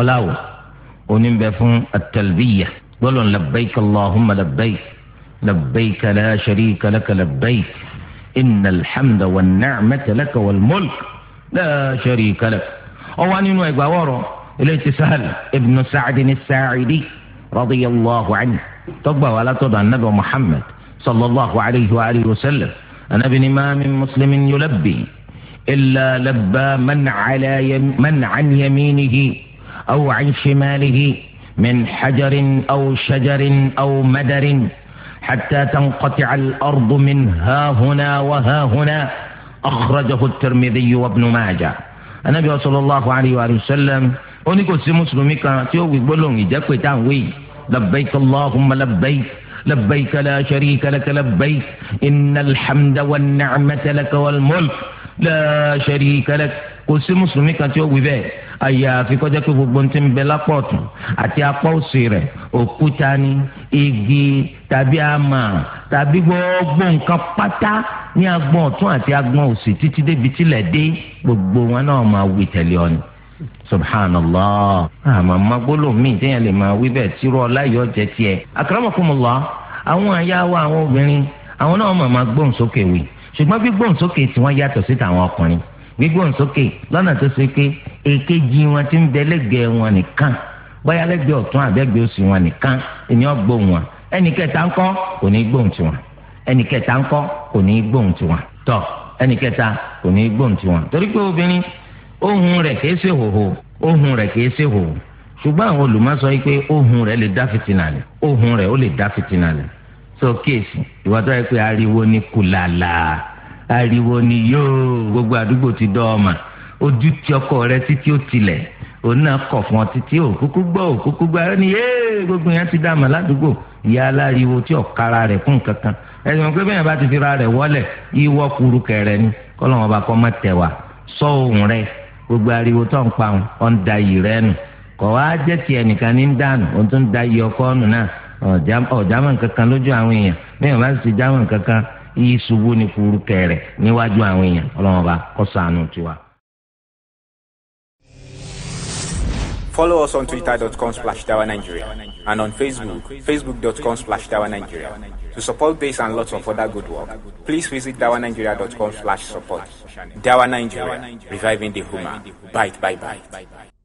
ọláwò oníbẹ̀ fún at-talbiyah gbọ́dọ̀ labbaik allahumma labbaik labbaik la sharika laka labbaik innal hamda wan ni'mata laka wal mulk la sharika lak. ọwọ́ nínú ẹgbàá wọ̀rọ̀ eléyìí ti Sahl ibn Sa'd as-Sa'idi radiyallahu anhu tọgbà wà látọ̀dọ̀ anabi muhammad sallallahu alayhi wa alihi wa sallam anabi ni maa min muslimin yulabbi illa labba man ala man an yaminihi. أو عن شماله من حجر أو شجر أو مدر حتى تنقطع الأرض من ها هنا وها هنا أخرجه الترمذي وابن ماجة النبي صلى الله عليه وآله وسلم أني قلت مسلمي كان يقول لهم يجاك وي لبيك اللهم لبيك لبيك لا شريك لك لبيك إن الحمد والنعمة لك والملك لا شريك لك قلت مسلمي كان يقول àyàfi kọjá pé gbogbo ń ti ń bẹ lápá ọ̀tún àti apá òsì rẹ̀ òkúta ni igi tàbí àmà tàbí gbogbo nǹkan pátá ní agbọ̀n ọ̀tún àti agbọ̀n òsì títí débi tílẹ̀ dé gbogbo wọn náà máa wí tẹ̀lé ọ subhanallah àmọ́ magbolo mi téèyàn lè máa wí bẹ́ẹ̀ tírú ọlá yọ jẹ tiẹ̀ akramakumullah àwọn àyà wa àwọn obìnrin àwọn náà máa máa gbóhùn sókè wí ṣùgbọ́n gbígbóhùn sókè tí wọ́n yàtọ̀ sí tàwọn ọkùnrin gbígbóhùn sókè lọ́nà tó ṣe pé èkejì wọn ti ń bẹ lẹ́gbẹ̀ẹ́ wọn nìkan bóyá lẹ́gbẹ̀ẹ́ ọ̀tún àbẹ́gbẹ́ òsì wọn nìkan ènìyàn gbóhùn wọn ẹnì kẹta ńkọ́ kò ní gbóhùn tiwọn ẹnì kẹta ńkọ́ kò ní gbóhùn tiwọn tọ ẹnì kẹta kò ní gbóhùn tiwọn torí pé obìnrin ohùn rẹ̀ kìí ṣe hòhò ohùn rẹ̀ kìí ṣe hòhò ṣùgbọ́n àwọn olùmọ̀sọ yìí pé ohùn rẹ̀ lè dá fìtínà lẹ̀ ohùn rẹ̀ ó lè dá fìtínà lẹ̀ so kéèsì ìwà tó yẹ pé ariwo ni kùlàlà ariwo ni yóò gbogbo àdúgbò ti dọ́ ọ ojú ti ọkọ rẹ títí ó tilẹ̀ òun náà kọ̀ fún ọ títí ó kúkú gbọ́ ó kúkú gbọ́ ẹ ní yéé gbogbo yẹn ti dààmú ládùúgbò ìyá aláriwo tí ọ̀kara rẹ̀ kún kankan ẹ̀sìn mọ̀ pé bẹ́ẹ̀ bá ti fi rẹ̀ wọlé ìwọ́ kuru kẹrẹ ni kọ́lọ́mọ bá kọ́ mọ́ tẹ̀ wá sọ ohun rẹ̀ gbogbo ariwo tó ń pa ọ̀ ń da yìí rẹ̀ nù kọ̀ wá jẹ́ tiẹ̀ nìkan ní dànù ó tún da yìí ọkọ nù náà ọ̀jàmọ̀ kankan lójú àwọn èèyàn bẹ́ẹ̀ bá ti jámọ̀ kankan ìṣubú ni kuru kẹrẹ níwájú àwọn èèyàn kọ́lọ́mọ bá kọ́ sànù tiwa. Follow us on twitter.com slash Dawa Nigeria and on Facebook, facebook.com slash Dawa Nigeria. To support this and lots of other good work, please visit dawanigeria.com slash support. Dawa Nigeria, reviving the human. Bye, bye, bye.